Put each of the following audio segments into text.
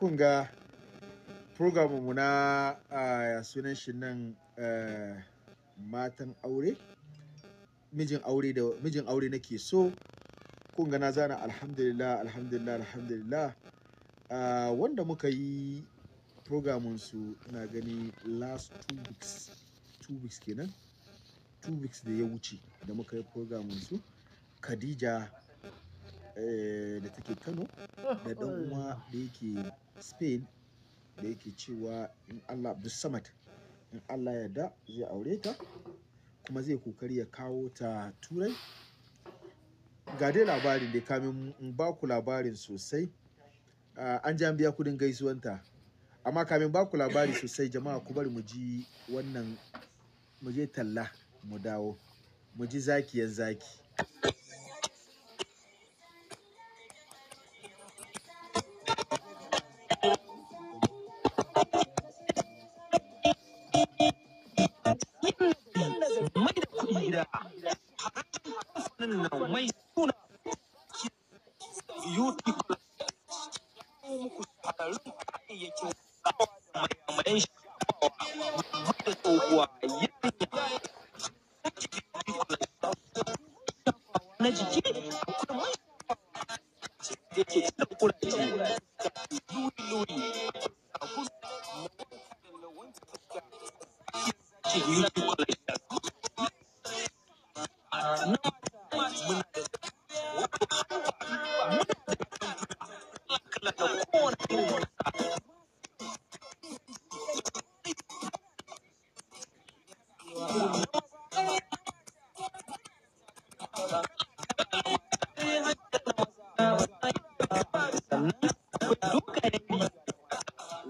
kun ga programmu na ah, sunan shi nan eh, matan aure mijin aure da mijin aure so kun gana na zana alhamdulillah alhamdulillah alhamdulillah uh, wanda muka yi programun su na gani last two weeks two weeks kenan two weeks da ya wuce da muka yi programun su khadija Eh, da take Kano da ɗan uwa da yake Spain da yake cewa in Allah Abdulsamad in Allah yarda zai aure ta kuma zai kokari ya kawo ta Turai ga dai labarin da kamin in ba ku labarin sosai ah, an ji an biya kudin gaisuwanta amma kamin ba ku labari sosai jama'a ku bari mu ji wannan mu je talla mu dawo mu ji zaki zakiyan zaki. you people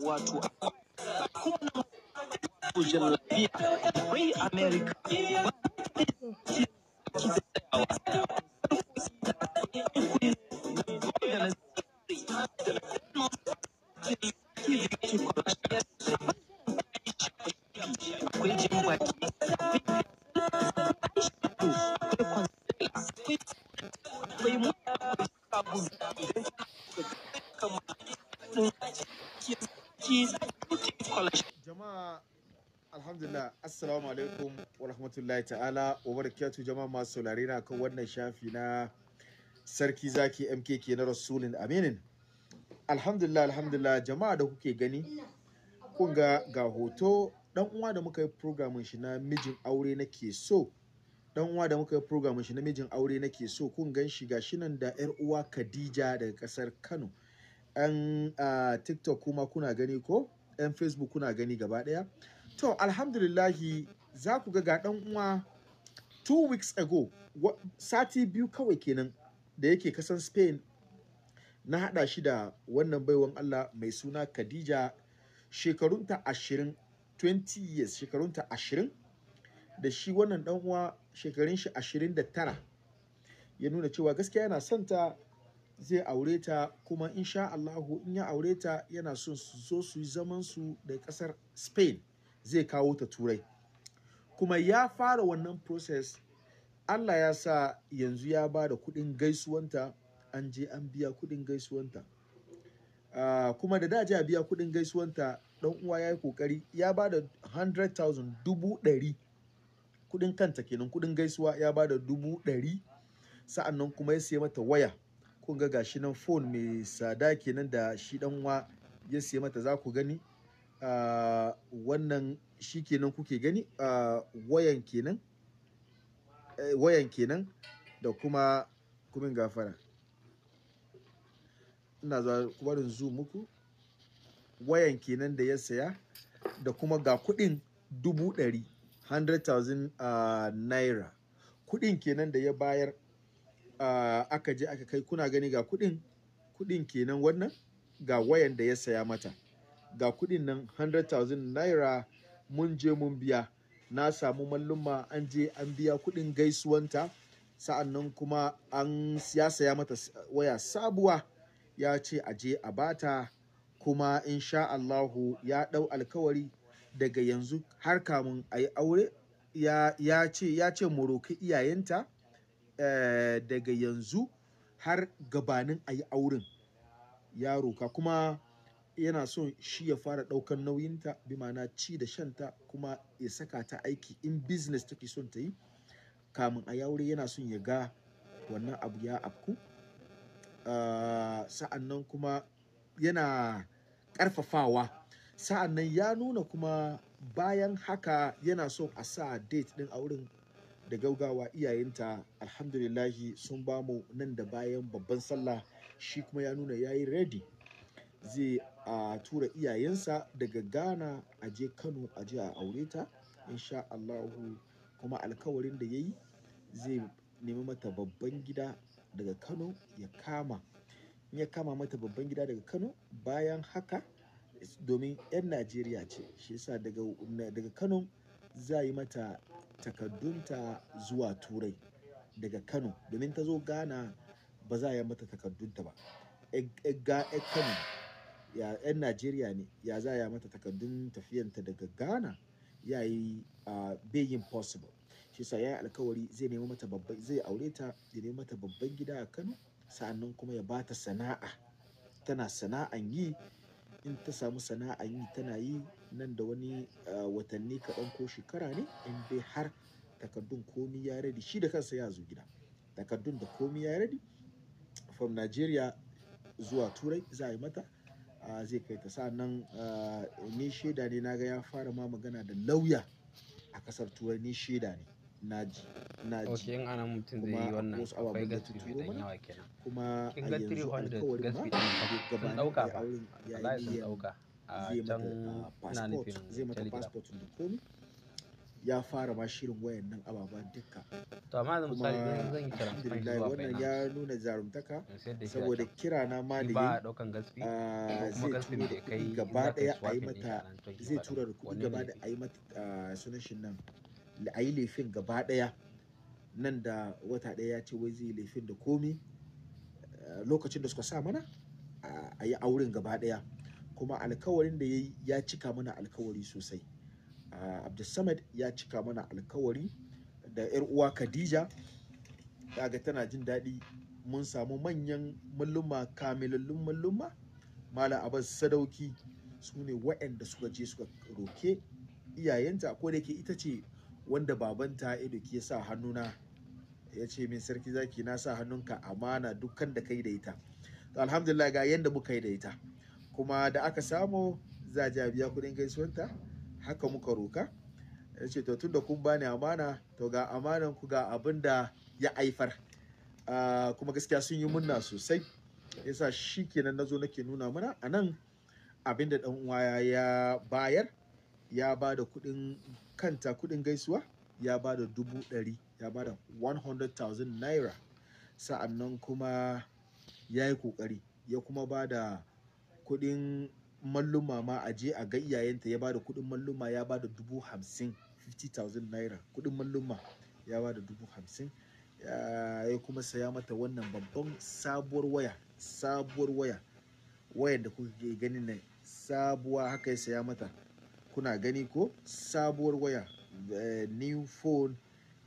wato America. Thank you. bismillah assalamu alaikum wa rahmatullahi ta'ala wa barakatuh jama'a masu saurare na kan wannan shafi na sarki zaki mkk na rasulin aminin alhamdulillah alhamdulillah jama'a da kuke gani kun ga ga hoto dan uwa da muka yi programin shi na mijin aure nake so dan uwa da muka yi programin shi na mijin aure nake so kun gan shi gashi nan da yar uwa Khadija daga kasar Kano an uh, ah, TikTok kuma kuna gani ko yan Facebook kuna gani gaba ɗaya. to alhamdulillahi za ku ga ɗan uwa two weeks ago sati biyu kawai kenan da yake kasan spain na haɗa shi da wannan baiwan allah mai suna khadija shekarunta ashirin 20 years shekarunta ashirin da shi wannan dan uwa shekarun shi ashirin da tara ya nuna cewa gaskiya yana son ta zai aure ta kuma insha Allahu in ya aure ta yana son su zo su yi zaman su da kasar Spain zai kawo ta turai kuma ya fara wannan process Allah ya sa yanzu ya ba da kuɗin gaisuwanta an je an biya kuɗin gaisuwanta ah, kuma da daji a biya kuɗin gaisuwanta ɗan uwa ya yi ƙoƙari ya ba da 100,000 dubu ɗari kuɗin kanta kenan kuɗin gaisuwa ya ba da dubu ɗari sa'an kuma ya siya mata waya kun ga gashi nan phone mai sada kenan da shi ɗan uwa ya siya mata za ku gani wannan shi kenan kuke gani uh, wayan kenan eh, wayan kenan da kuma kumin gafara ina zuwa barin zoom muku wayan kenan da ya saya da kuma ga kudin dubu ɗari 100,000 uh, naira kudin kenan da ya bayar uh, aka je aka kai kuna gani ga kudin kudin kenan wannan ga wayan da ya saya mata ga kudin nan 100,000 naira mun je mun biya na samu malluma an je an biya kudin gaisuwanta sa'annan kuma an ya saya mata waya sabuwa ya ce a je a bata kuma insha Allahu ya dau alkawari daga yanzu har kamun a yi aure ya ce ya ce moroki iyayenta eh, daga yanzu har gabanin a yi auren ya roka kuma yana son shi ya fara ɗaukan nauyinta bi ma'ana ci da shanta kuma ya saka ta aiki in business take son ta yi kamun a yaure yana son ya ga wannan abu ya afku ah, Sa'annan kuma yana ƙarfafawa Sa'annan ya nuna kuma bayan haka yana son a sa date ɗin auren da gaugawa iyayenta alhamdulillahi sun ba nan da bayan babban sallah shi kuma ya nuna ya yi ready zai a tura iyayensa daga Ghana a je Kano a je a aure ta insha Allahu kuma alkawarin da ya yi zai nemi mata babban gida daga Kano ya kama. In ya kama mata babban gida daga Kano bayan haka domin 'yan Najeriya ce shi yasa daga, Kano za yi mata takaddunta zuwa Turai daga Kano domin ta zo Ghana ba za a yi mata takaddunta ba. 'Yar Kano. 'yan najeriya ne ya za ya mata takardun tafiyanta daga ghana ya yi beyin impossible shi sa ya yi alkawari zai nemi mata babban zai aure ta ya nemi mata babban gida a kano sa'annan kuma ya bata sana'a tana sana'an yi in ta samu sana'an yi tana yi nan da wani watanni kaɗan ko shekara ne in dai har takardun komi ya radi shi da kansa ya zo gida takardun da komi ya radi from nigeria zuwa turai za a yi mata zai kai ta sa'annan ni shaida ne na ga ya fara ma magana da lauya a kasar turai ni shaida ne na ji ok yin ana mutum zai yi wannan akwai gasbi da yawa kenan kuma kin ga 300 gasbi sun dauka ba za su dauka a can nufin zai mata passport da komi ya fara ma shirin wayannan ababen duka to amma da misali zan yi kira alhamdulillah wannan ya nuna zarumtaka saboda kira na mali ba daukan gaspi ah, zai tura da kai gaba daya a yi mata zai tura da kuɗi gaba da a yi mata ah, sunan nan a yi laifin gaba daya nan da wata daya ya ce wai zai yi laifin da komi ah, lokacin da suka sa mana a yi auren gaba daya kuma alkawarin da ya cika mana alkawari sosai Ah, Abdulsamad ya cika mana alkawari da 'yar uwa Khadija kaga tana jin daɗi mun samu manyan malluma kamilullun malluma mala abas sadauki su ne suka je suka roke iyayenta ko da yake ita ce wanda babanta ya doki ya sa hannuna ya ce min sarki zaki na sa hannunka amana dukkan da kai da ita to alhamdulillah ga yanda muka yi da ita kuma da aka samu za a biya kuɗin gaisuwanta haka muka roka ya ce to tunda kun bani amana to ga amanan ku ga abin da ya aifar ah, kuma gaskiya sun yi munna sosai yasa shi kenan nazo nake nuna mana a nan abin da dan uwa ya bayar ya ba da kudin kanta kudin gaisuwa ya ba da dubu ɗari ya ba da 100,000 naira sa'annan kuma ya yi kokari ya kuma ba da kudin malluma ma a je a ga iyayenta ya bada kuɗin malluma ya bada dubu hamsin 50,000 naira kuɗin malluma ya bada dubu hamsin ya kuma saya mata wannan babban sabuwar waya sabuwar waya wayar da kuke ganin nan sabuwa haka ya saya mata kuna gani ko sabuwar waya eh, new phone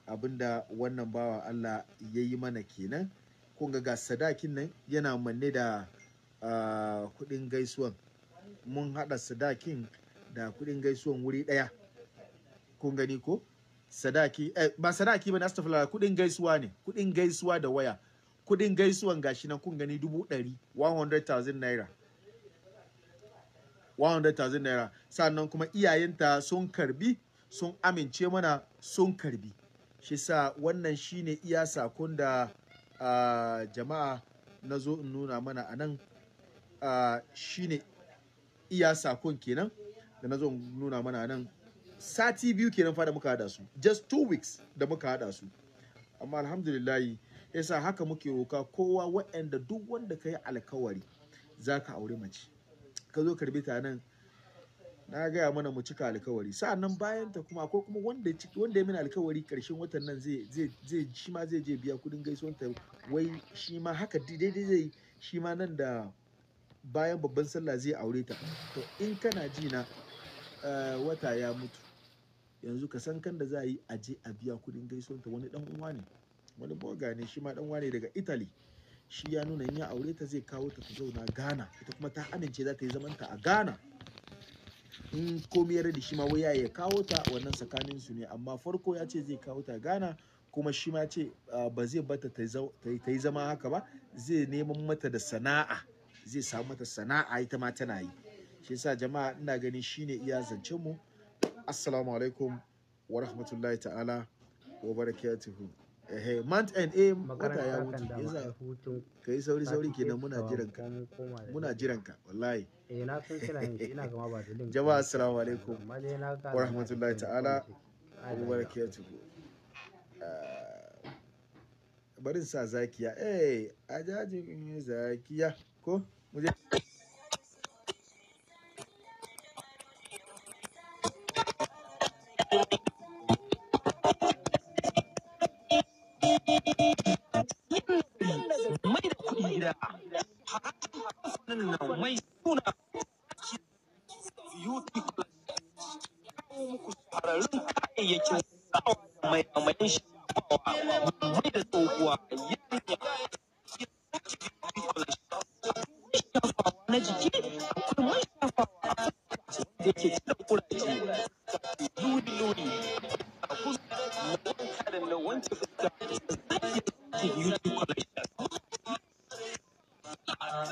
abinda wannan bawa Allah ya yi mana kenan kun ga sadakin nan yana manne da ah, kuɗin gaisuwan mun haɗa sadakin da kuɗin gaisuwan wuri ɗaya kun gani ko sadaki eh, ba sadaki ba na astafala kuɗin gaisuwa ne kuɗin gaisuwa da waya kuɗin gaisuwan gashi nan kun gani dubu ɗari 100,000 naira 100,000 naira sannan kuma iyayenta sun karbi sun amince mana sun karbi shi sa wannan shine iya sakon da uh, jama'a na zo in nuna mana a nan uh, ah, shine iya sakon kenan da na zo nuna mana nan sati biyu kenan fa da muka hada su just two weeks da muka hada su amma alhamdulillahi yasa haka muke roka kowa waɗanda duk wanda ka yi alkawari za ka aure mace ka zo karbi ta nan na gaya mana mu cika alkawari sa'annan bayan ta kuma akwai kuma wanda wanda ya mini alkawari karshen watan nan zai zai zai shi ma zai je biya kudin gaisuwar ta wai shi ma haka daidai zai shi ma nan da bayan babban sallah zai aure ta to in kana ji na eh, wata ya mutu yanzu ka san kan da za a yi a je a biya kudin gaisuwan ta wani dan uwa ne wani boga ne shi ma dan uwa ne daga Italy shi ya nuna in ya aure ta zai kawo ta ta zauna Ghana ita kuma ta amince za ta yi zaman ta a Ghana in komai ya shi ma waya ya kawo ta wannan tsakanin su ne amma farko ya ce zai kawo ta Ghana kuma shi ma ce eh, ba zai bata ta yi zama haka ba zai neman mata da sana'a zai samu mata sana'a ita ma tana yi shi yasa jama'a ina ganin shine iya zancen mu assalamu alaikum wa rahmatullahi ta'ala wa barakatuhu eh month and a wata ya wuce yasa kai sauri sauri kenan muna jiran ka muna jiran ka wallahi eh na san kira ne ina gama ba dalilin jama'a assalamu alaikum wa rahmatullahi ta'ala wa barakatuhu ah, barin sa zakiya eh ajajin zakiya ko mu je mai da kuɗi gida nan mai suna utikula kawo muku shahararrun kayayyakin sawa mai amayin shafawa mai da tsohuwa yanya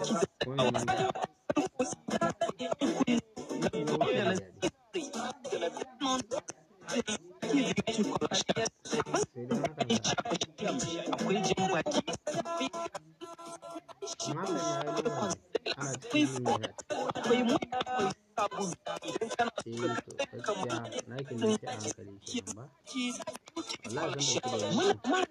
Wewe ni to a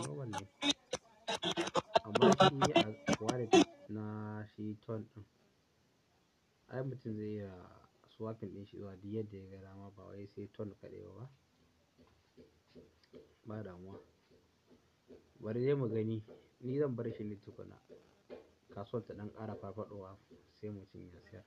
amma shi a wallet na shi ton ɗin ai mutum zai iya swapping ɗin shi zuwa duk yadda ya ga ma ba wai sai ton kaɗai ba ba damuwa bari dai mu gani ni zan bar shi ne tukuna kasuwar ta ɗan ƙara farfaɗowa sai mutum ya sayar